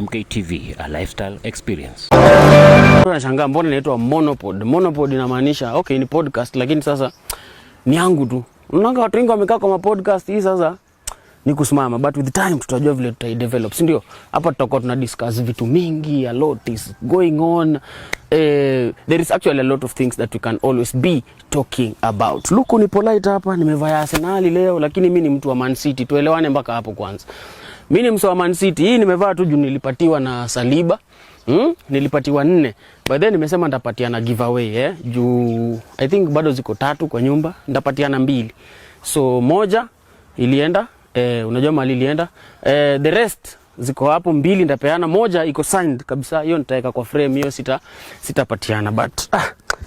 MKTV, a lifestyle experience. Nashangaa mbona inaitwa monopod. Monopod inamaanisha okay, ni podcast lakini sasa ni yangu tu. Unaona watu wengi wamekaa kwa podcast hii sasa ni kusimama, but with time tutajua vile tutai develop, si ndio? Hapa tutakuwa tuna discuss vitu mingi, a lot is going on. Eh, there is actually a lot of things that we can always be talking about. Luku ni polite hapa, nimevaa Arsenal leo lakini mimi ni mtu wa Man City, tuelewane mpaka hapo kwanza. Mimi ni msoa Man City. Hii nimevaa tu juu nilipatiwa na Saliba. Mm? Nilipatiwa nne. By then nimesema na giveaway eh? Juu I think bado ziko tatu kwa nyumba, na mbili. So moja ilienda eh, unajua mali ilienda. Eh, the rest ziko hapo mbili ndapeana, moja iko signed kabisa, hiyo nitaweka kwa frame, hiyo sita sitapatiana but ah,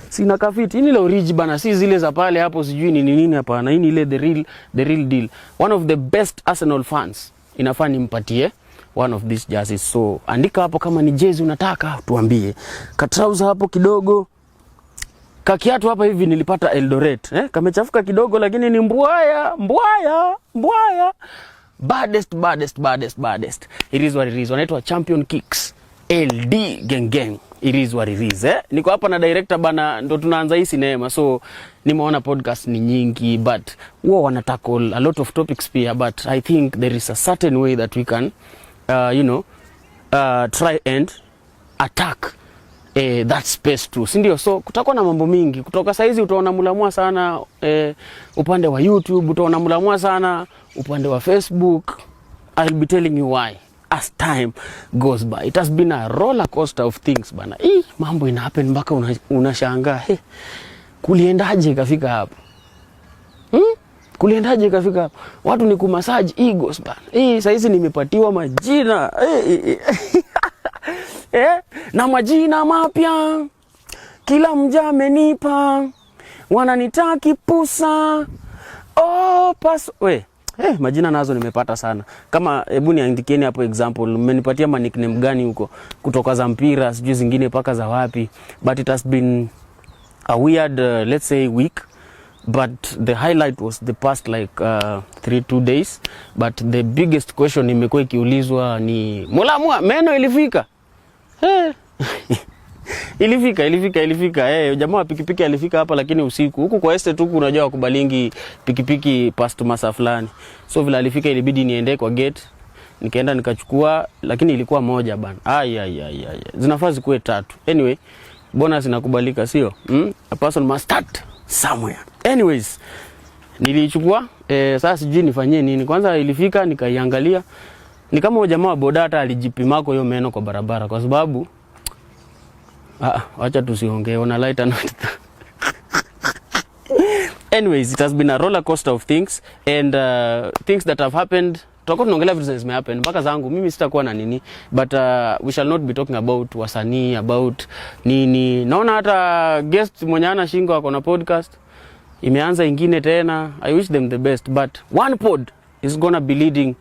sina kafiti. Hii ni la origi bana, si zile za pale hapo sijui ni nini hapana. Hii ni ile the real, the real deal. One of the best Arsenal fans inafaa nimpatie one of these jerseys. So andika hapo kama ni jezi unataka tuambie. Katrauza hapo kidogo. Kakiatu hapa hivi nilipata Eldoret. Eh, kamechafuka kidogo lakini ni mbwaya, mbwaya, mbwaya. Baddest, baddest, baddest, baddest. It is what it is. Wanaitwa Champion Kicks. LD gang gang. It is what it is, eh? Niko hapa na director bana, ndo tunaanza hii sinema, so nimeona podcast ni nyingi but wao wana tackle a lot of topics pia, but I think there is a certain way that we can uh, you know uh, try and attack eh, that space too, si ndio? So kutakuwa na mambo mingi kutoka saizi, utaona mulamua sana eh, upande wa YouTube, utaona mulamua sana upande wa Facebook. I'll be telling you why as time goes by. It has been a roller coaster of things bana. Hii mambo ina happen mpaka unashangaa una hey, kuliendaje ikafika hapo hmm? Kuliendaje ikafika hapo? Watu ni kumasaji egos bana. Hii saizi nimepatiwa majina eh, na majina mapya kila mja amenipa, wananitaki pusa oh, pass. we Eh, majina nazo nimepata sana. Kama hebu niandikieni hapo example, mmenipatia ma nickname gani huko? Kutoka za mpira, sijui zingine paka za wapi. But it has been a weird uh, let's say week but the highlight was the past like uh, three two days but the biggest question imekuwa ikiulizwa ni Mulamwa meno ilifika hey. Eh. ilifika ilifika ilifika. Eh, jamaa wa pikipiki alifika hapa, lakini usiku huku kwa este huku, unajua wakubalingi pikipiki past masaa fulani, so vile alifika ilibidi niende kwa gate, nikaenda nikachukua, lakini ilikuwa moja bana. Ai ai ai ai, zinafaa zikuwe tatu. Anyway, bonus inakubalika, sio mm? A person must start somewhere. Anyways, nilichukua eh, sasa sijui nifanyie nini. Kwanza ilifika nikaiangalia, ni kama jamaa wa boda hata alijipimako hiyo meno kwa barabara, kwa sababu Ah, wacha tusiongee on a lighter note. Anyways, it has been a roller coaster of things and uh, things that have happened. Tutakuwa tunaongelea vitu zenye zimehappen mpaka zangu mimi sitakuwa na nini but uh, we shall not be talking about wasanii about nini. Naona hata guest mwenye ana shingo ako na podcast imeanza ingine tena. I wish them the best but one pod is gonna be leading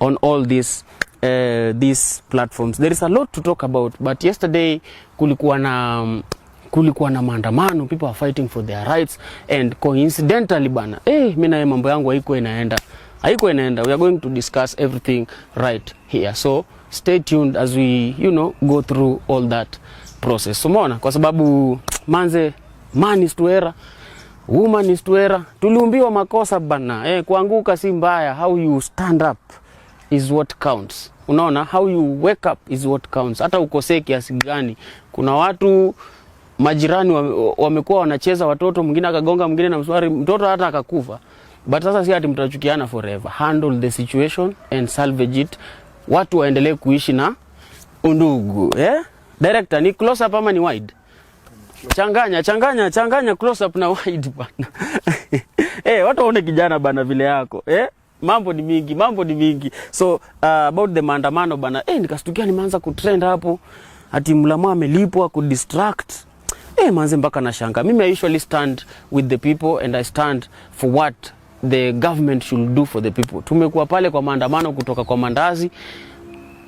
on all this uh, these platforms. There is a lot to talk about, but yesterday kulikuwa na um, kulikuwa na maandamano, people are fighting for their rights and coincidentally bana, eh, mimi naye mambo yangu haiko inaenda, haiko inaenda. We are going to discuss everything right here, so stay tuned as we you know go through all that process. Umeona, kwa sababu manze, man is to era woman is to era. Tuliumbiwa makosa bana, eh, kuanguka si mbaya, how you stand up is what counts. Unaona, how you wake up is what counts. Hata ukosee kiasi gani, kuna watu majirani wamekuwa wa wanacheza watoto, mwingine akagonga mwingine na mswari, mtoto hata akakufa. But sasa si ati mtachukiana forever. Handle the situation and salvage it. Watu waendelee kuishi na undugu eh? Director, ni close up ama ni wide? Changanya, changanya, changanya close up na wide bana. Eh, watu waone kijana bana vile yako eh? mambo ni mingi, mambo ni mingi. So uh, about the maandamano bana, eh, nikastukia nimeanza kutrend hapo ati mlamo amelipwa kudistract eh, manze mpaka na shanga. Mimi I usually stand with the people and I stand for what the government should do for the people. Tumekuwa pale kwa maandamano kutoka kwa mandazi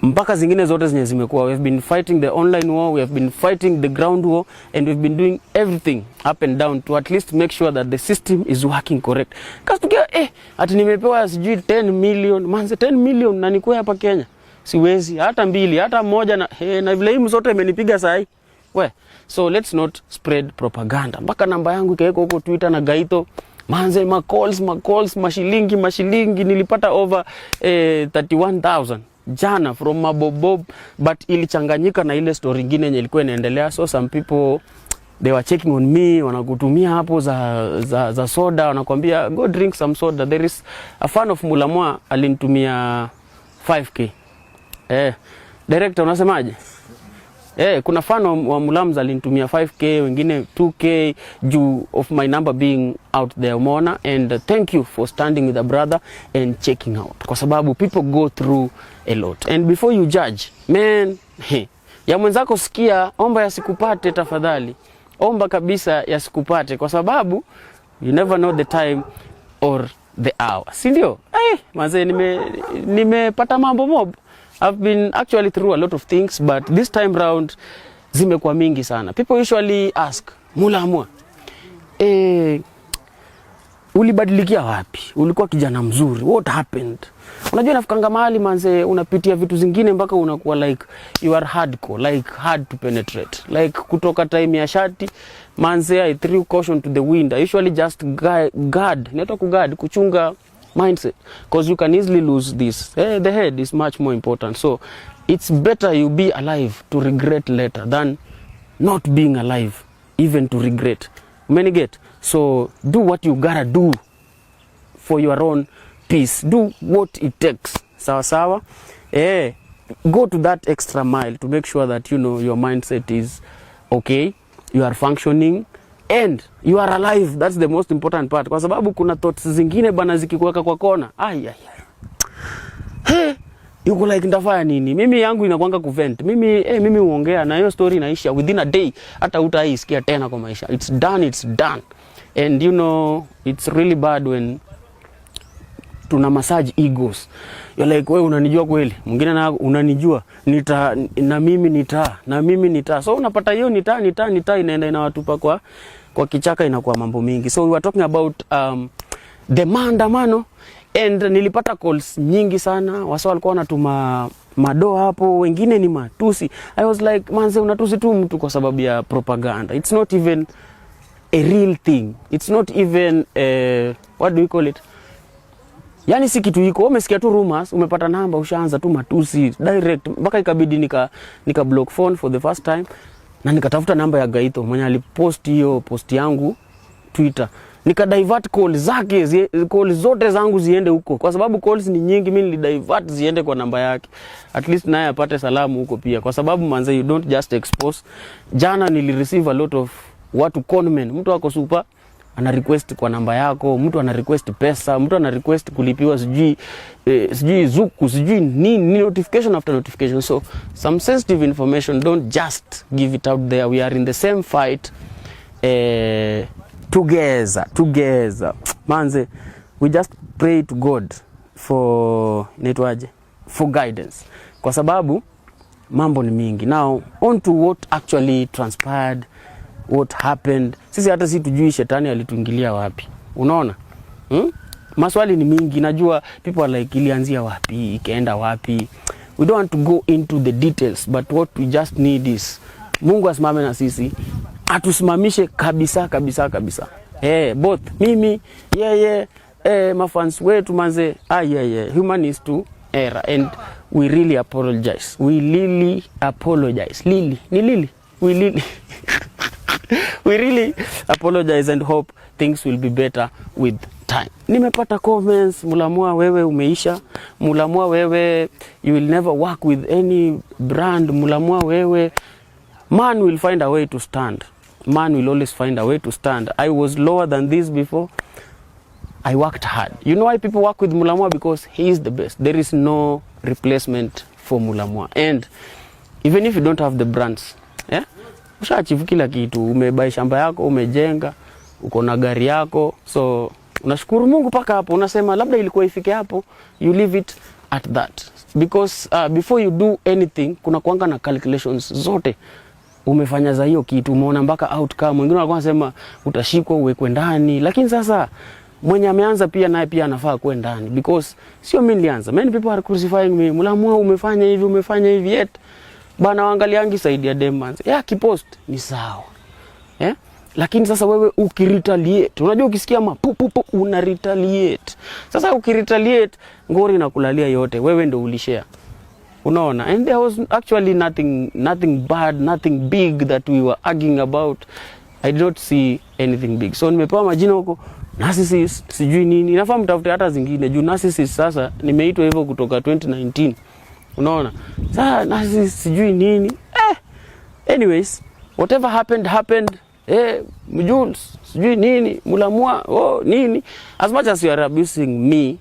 mpaka zingine zote zenye zimekuwa. We have been fighting the online war, we have been fighting the ground war and we've been doing everything up and down to at least make sure that the system is working correct. Kasi tukiwa eh, ati nimepewa sijui 10 million, manze 10 million na nikuwe hapa Kenya. Siwezi hata mbili hata moja na eh, na vile hizo zote imenipiga hii. We, so let's not spread propaganda. Mpaka namba yangu ikawekwa huko Twitter na Gaito. Manze ma calls ma calls mashilingi mashilingi nilipata over eh, 31000 jana from Mabobob, but ilichanganyika na ile story nyingine yenye ilikuwa inaendelea, so some people they were checking on me, wanakutumia hapo za, za, za soda, wanakwambia go drink some soda. There is a fan of Mulamwa alinitumia 5k. Eh, director unasemaje? Eh, kuna fan wa Mulamza alinitumia 5k wengine 2k juu of my number being out there umeona, and uh, thank you for standing with a brother and checking out, kwa sababu people go through a lot and before you judge man, hey, ya mwenzako sikia, omba yasikupate tafadhali, omba kabisa yasikupate, kwa sababu you never know the time or the hour, si ndio? Eh, mazee, nimepata nime mambo mob I've been actually through a lot of things but this time round zimekuwa mingi sana. People usually ask, Mulamwa, eh, ulibadilikia wapi? Ulikuwa kijana mzuri. What happened? Unajua nafikanga mahali manze, unapitia vitu zingine mpaka unakuwa like you are hardcore, like hard to penetrate. Like kutoka time ya shati manze, I threw caution to the wind. I usually just guard, guard. Inaitwa ku kuchunga mindset because you can easily lose this eh, the head is much more important so it's better you be alive to regret later than not being alive even to regret many get so do what you gotta do for your own peace do what it takes sawa sawa eh go to that extra mile to make sure that you know your mindset is okay you are functioning end you are alive, that's the most important part, kwa sababu kuna thoughts zingine bana zikikuweka kwa kona, ai ai ai, yuko like ndafanya nini? Mimi yangu inakwanga kuvent mimi, eh, mimi uongea na hiyo story inaisha within a day, hata utaisikia tena kwa maisha. It's done, it's done, and you know it's really bad when tuna massage egos. You're like wewe unanijua kweli, mwingine na unanijua nita, na mimi nita, na mimi nita, so unapata hiyo nita nita nita inaenda inawatupa kwa kwa kichaka inakuwa mambo mingi. So we were talking about um, the maandamano and nilipata calls nyingi sana, wasa walikuwa wanatuma madoa hapo, wengine ni matusi. I was like, manze unatusi tu mtu kwa sababu ya propaganda. It's not even a real thing. It's not even a, what do we call it? Yani si kitu iko, umesikia tu rumors, umepata namba, ushaanza tu matusi direct mpaka ikabidi nika nika block phone for the first time na nikatafuta namba ya Gaitho mwenye alipost hiyo post yangu Twitter, divert call zake zi, call zote zangu ziende huko, kwa sababu calls ni nyingi. Mimi divert ziende kwa namba yake, at least naye apate salamu huko pia, kwa sababu manze, you don't just expose. Jana nilireceive a lot of watu conmen, mtu ako super ana request kwa namba yako, mtu ana request pesa, mtu ana request kulipiwa sijui eh, sijui zuku sijui nini, notification after notification. So some sensitive information don't just give it out there. We are in the same fight eh, together together, manze, we just pray to God for netwaje, for guidance, kwa sababu mambo ni mingi. Now on to what actually transpired what happened. Sisi hata si tujui shetani alituingilia wapi, unaona hmm? Maswali ni mingi, najua people are like ilianzia wapi ikaenda wapi. We don't want to go into the details, but what we just need is Mungu asimame na sisi atusimamishe kabisa kabisa kabisa. Hey, eh, both mimi yeye yeah, yeah, eh, mafans wetu manze ah, yeah, yeah. Human is to error and we really apologize. We really apologize. Lili ni lili we lili we really apologize and hope things will be better with time. Nimepata comments, Mulamwa wewe umeisha, Mulamwa wewe you will never work with any brand, Mulamwa wewe man will find a way to stand. Man will always find a way to stand. I was lower than this before. I worked hard. You know why people work with Mulamwa? Because he is the best. There is no replacement for Mulamwa. And even if you don't have the brands, yeah, ushachivu kila kitu, umebai shamba yako, umejenga, uko na gari yako, so unashukuru Mungu mpaka hapo. Unasema labda ilikuwa ifike hapo, you leave it at that because uh, before you do anything kuna kuanga na calculations zote umefanya za hiyo kitu, umeona mpaka outcome. Wengine walikuwa wanasema utashikwa uwekwe ndani, lakini sasa mwenye ameanza pia naye pia anafaa kuwe ndani because sio mimi nilianza. Many people are crucifying me, Mulamwa, umefanya hivi umefanya hivi yet bana waangaliangi saidi ya demans Ya kipost ni sawa. Eh? Lakini sasa wewe ukiretaliate, unajua ukisikia mapupupu una retaliate. Sasa ukiretaliate ngori inakulalia yote, wewe ndo ulishare. Unaona? And there was actually nothing nothing bad, nothing big that we were arguing about. I did not see anything big. So nimepewa majina huko narcissist, sijui nini. Nafaa mtafute hata zingine juu narcissist sasa nimeitwa hivyo kutoka 2019. Unaona? Sasa nasi sijui nini. Eh. Anyways, whatever happened happened. Eh, Mjules, sijui nini, Mulamwa, oh nini. As much as you are abusing me,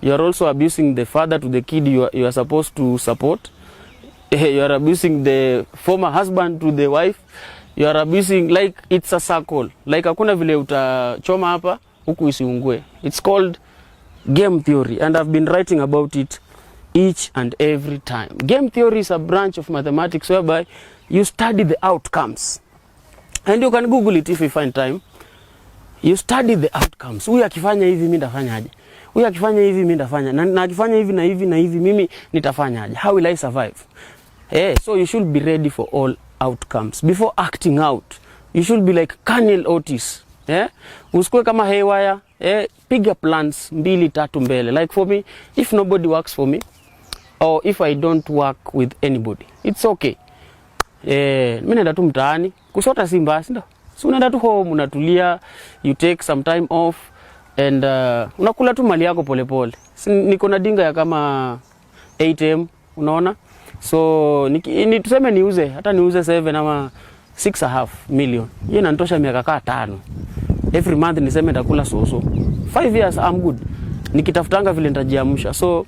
you are also abusing the father to the kid you are, you are supposed to support. Eh, you are abusing the former husband to the wife. You are abusing like it's a circle. Like hakuna vile utachoma hapa huku isiungue. It's called game theory and I've been writing about it each and every time. Game theory is a branch of mathematics whereby you study the outcomes. And you can Google it if you find time. You study the outcomes. Huyu akifanya hivi mimi ndafanyaje? Huyu akifanya hivi mimi ndafanya. Na, na akifanya hivi na hivi na hivi mimi nitafanyaje? How will I survive? Eh, so you should be ready for all outcomes before acting out. You should be like Colonel Otis. Eh? Usikue kama haywire. Eh, piga plans mbili tatu mbele. Like for me, if nobody works for me, or if I don't work with anybody it's okay. Eh, mimi naenda tu mtaani kusota si mbaya, ndio So unaenda tu home unatulia, you take some time off and uh, unakula tu mali yako polepole. Niko na dinga ya kama 8m unaona, so ni, ni, tuseme niuze hata niuze 7 ama 6.5 million, hiyo inanitosha miaka kaa tano every month niseme nitakula soso 5 years I'm good, nikitafutanga vile nitajiamsha so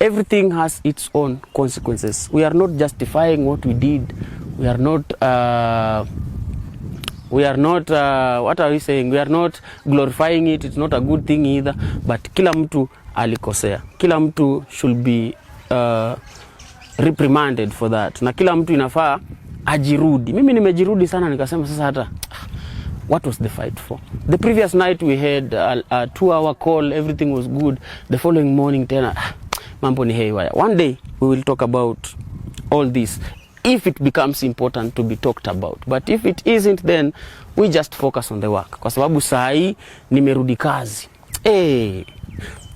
everything has its own consequences. We are not justifying what we did. We are not uh, we are not uh, what are we saying? We are not glorifying it. It's not a good thing either. But kila mtu alikosea. Kila mtu should be uh, reprimanded for that. Na kila mtu inafaa ajirudi. Mimi nimejirudi sana nikasema sasa hata What was the fight for? The previous night we had a, a two hour call, everything was good. The following morning tena mambo ni haywire. One day we will talk about all this if it becomes important to be talked about but if it isn't then we just focus on the work, kwa sababu saa hii nimerudi kazi hey. Eh,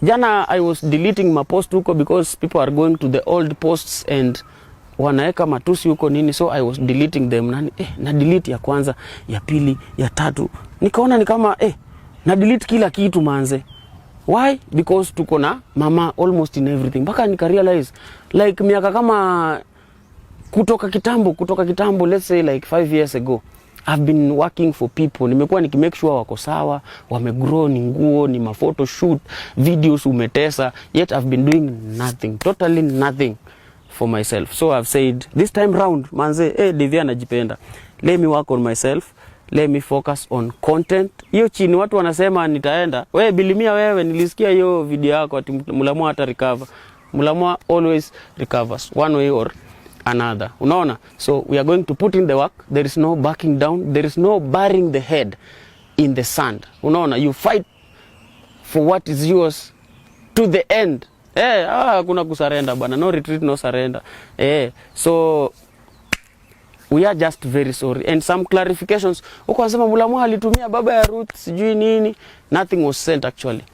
jana I was deleting mapost huko because people are going to the old posts and wanaweka matusi huko nini, so I was deleting them nani, eh, na delete ya kwanza ya pili ya tatu, nikaona ni kama eh, na delete kila kitu manze. Why? Because tuko na mama almost in everything. Mpaka nika realize like miaka kama kutoka kitambo, kutoka kitambo let's say like five years ago I've been working for people. Nimekuwa nikimake sure wako sawa, wamegrow, ni nguo, ni mafoto shoot, videos umetesa, yet I've been doing nothing, totally nothing for myself. So I've said this time round, manze, eh, Divya anajipenda. Let me work on myself let me focus on content. Hiyo chini watu wanasema nitaenda. We Bilimia, wewe nilisikia hiyo video yako ati Mulamwa hata recover. Mulamwa always recovers one way or another. Unaona? So we are going to put in the work. There is no backing down. There is no burying the head in the sand. Unaona? You fight for what is yours to the end. Eh, ah, kuna kusarenda bana. No retreat, no surrender. Eh, so we are just very sorry and some clarifications. Huko anasema Mulamwa alitumia baba ya Ruth sijui nini, nothing was sent actually,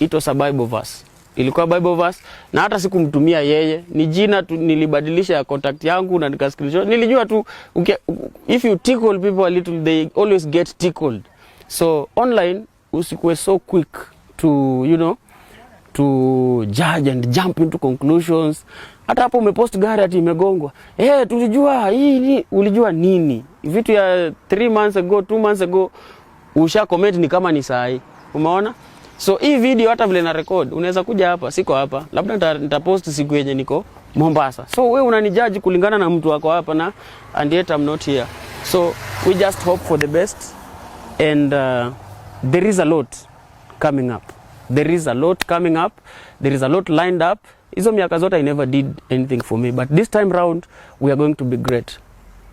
it was a bible verse, ilikuwa bible verse na hata sikumtumia yeye, ni jina tu nilibadilisha ya contact yangu na nika screenshot. Nilijua tu okay, if you tickle people a little they always get tickled, so online usikuwe so quick to you know to judge and jump into conclusions. Hata hapo umepost gari ati imegongwa, eh, tulijua hii. ni Ulijua nini? Vitu ya 3 months ago, 2 months ago usha comment ni kama ni saa hii. umeona? So hii video hata vile na record, unaweza kuja hapa, siko hapa, labda nitapost siku yenye niko Mombasa. So we unanijaji kulingana na mtu wako hapa na and yet I'm not here. So we just hope for the best and uh, there is a lot coming up there is a lot coming up, there is a lot lined up. Hizo miaka zote I never did anything for me, but this time round we are going to be great.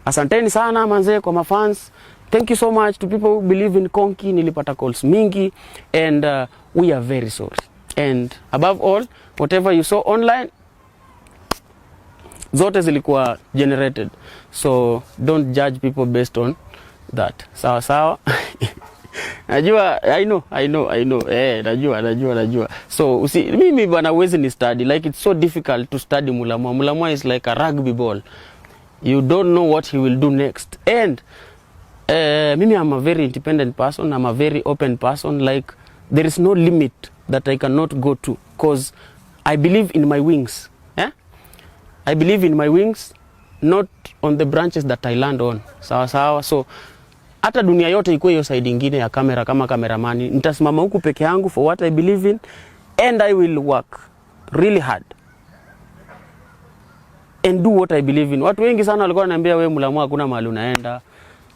Asanteni sana manzee kwa mafans. Thank you so much to people who believe in Konki. Nilipata calls mingi and uh, we are very sorry. And above all, whatever you saw online zote zilikuwa generated. So don't judge people based on that. Sawa sawa. Najua I know, I know, I know. Eh, najua, najua, najua. So usi mimi bwana huwezi ni study like it's so difficult to study Mulamwa. Mulamwa is like a rugby ball. You don't know what he will do next. And eh, mimi I'm a very independent person. I'm a very open person like there is no limit that I cannot go to Because I believe in my wings. Eh? I believe in my wings not on the branches that I land on. Sawa sawa. So hata dunia yote ikuwe hiyo side ingine ya kamera, kama kameramani nitasimama huku peke yangu for what I believe in and I will work really hard and do what I believe in. Watu wengi sana walikuwa wananiambia wewe, Mulamu, hakuna mahali unaenda,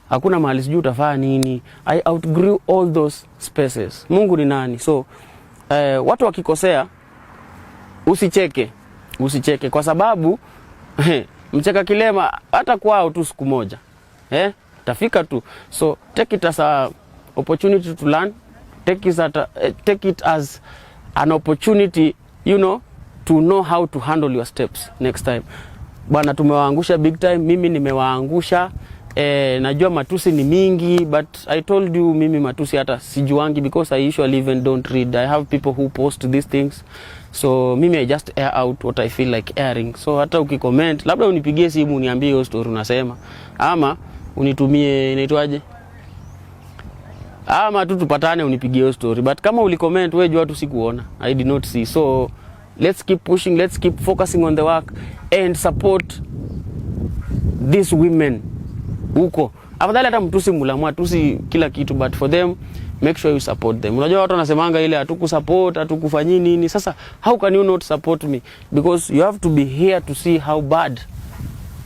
hakuna mahali sijui utafanya nini. I outgrew all those spaces. Mungu ni nani? So eh, watu wakikosea usicheke, usicheke kwa sababu mcheka kilema hata kwao tu siku moja eh? tafika tu. So take it as a opportunity to learn, take it as, a, eh, take it as an opportunity you know to know how to handle your steps next time. Bwana, tumewaangusha big time, mimi nimewaangusha. Eh, najua matusi ni mingi but I told you mimi matusi hata sijuangi because I usually even don't read. I have people who post these things. So mimi I just air out what I feel like airing. So hata ukikoment labda unipigie simu uniambie hiyo story unasema ama unitumie inaitwaje, ama tu tupatane, unipigie hiyo story, but kama ulicomment wewe, jua tu sikuona, I did not see. So let's keep pushing, let's keep focusing on the work and support these women huko. Afadhali hata mtusi mulamwa tusi kila kitu, but for them make sure you support them. Unajua watu wanasemanga ile hatuku hatukusupport hatukufanyi nini. Sasa how can you not support me because you have to be here to see how bad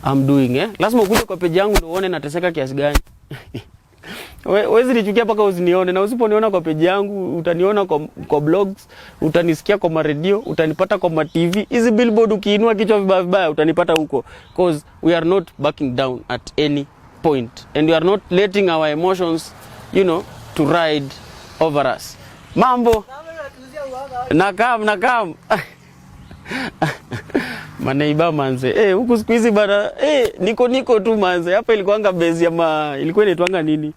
I'm doing eh. Lazima ukuje kwa peji yangu ndio uone nateseka kiasi gani. Wezi nichukia paka usinione na usiponiona kwa peji yangu utaniona kwa, kwa blogs, utanisikia kwa maredio, utanipata kwa ma TV. Hizi billboard ukiinua kichwa vibaya vibaya utanipata huko. Cause we are not backing down at any point and we are not letting our emotions, you know, to ride over us. Mambo. Na kam na kam. maneiba manze eh, huku siku hizi bana eh, niko niko tu manze. Hapa ilikuanga base ya ma ilikuwa inaitwanga nini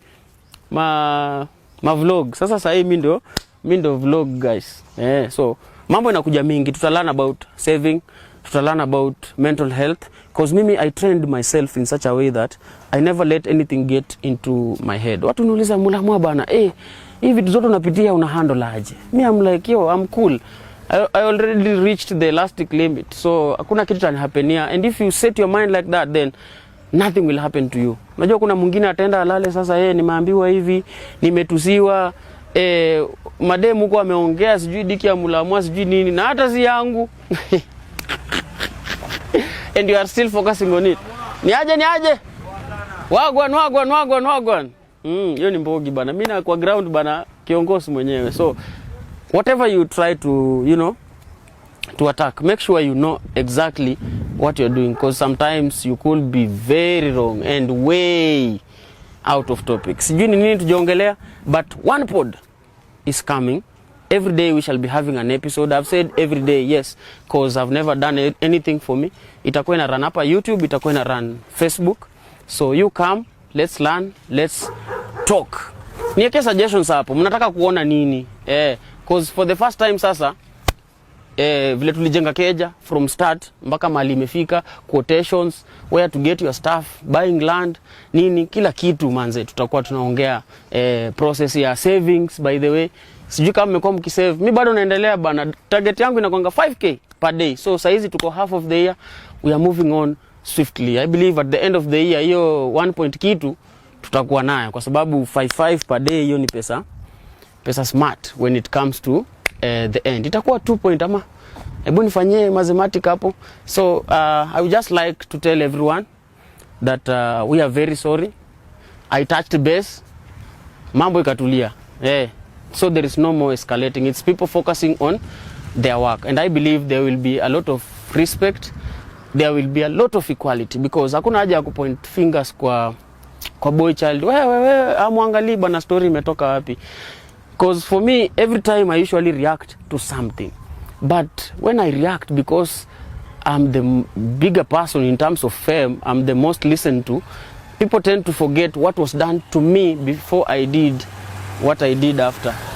ma ma vlog. Sasa sasa hii mimi ndo mimi ndo vlog guys eh, so mambo inakuja mingi, tutalearn about saving, tutalearn about mental health cause mimi I trained myself in such a way that I never let anything get into my head. Watu niuliza mula bana eh, hivi vitu zote unapitia una handle aje? Mimi I'm like yo I'm cool I, I already reached the elastic limit so hakuna kitu tani tanihapenia, and if you set your mind like that then nothing will happen to you. Unajua kuna mwingine atenda alale sasa, yeye nimeambiwa hivi, nimetusiwa eh, mademu huko ameongea sijui diki ya mulamwa sijui nini, na hata si yangu and you are still focusing on it. Niaje niaje, wagwan wagwan wagwan wagwan. Mm, hiyo ni mbogi bana. Mimi na kwa ground bana, kiongozi mwenyewe so whatever you try to you know to attack make sure you know exactly what you're doing because sometimes you could be very wrong and way out of topic sijui ni nini tujaongelea but one pod is coming every day we shall be having an episode i've said every day yes because i've never done anything for me itakuwa ina run hapa youtube itakuwa ina run facebook so you come let's learn let's talk niweke suggestions hapo mnataka kuona nini eh Cause for the first time sasa eh, vile tulijenga Keja from start mpaka mali imefika, quotations, where to get your stuff, buying land, nini kila kitu manze, tutakuwa tunaongea eh, process ya savings. By the way, sijui kama mmekuwa mkisave, mimi bado naendelea bana, target yangu inakwanga 5k per day, so saizi tuko half of the year, we are moving on swiftly. I believe at the end of the year hiyo 1 point kitu tutakuwa nayo, kwa sababu 55 per day hiyo ni pesa pesa smart when it comes to uh, the end. Itakuwa 2 point ama hebu nifanyie mathematics hapo. So uh, I would just like to tell everyone that uh, we are very sorry. I touched base. Mambo ikatulia. Yeah. So there is no more escalating. It's people focusing on their work and I believe there will be a lot of respect. There will be a lot of equality because hakuna haja ya kupoint fingers kwa kwa boy child. Wewe wewe amwangalie bwana, story imetoka wapi? because for me every time I usually react to something but when I react because I'm the bigger person in terms of fame I'm the most listened to people tend to forget what was done to me before I did what I did after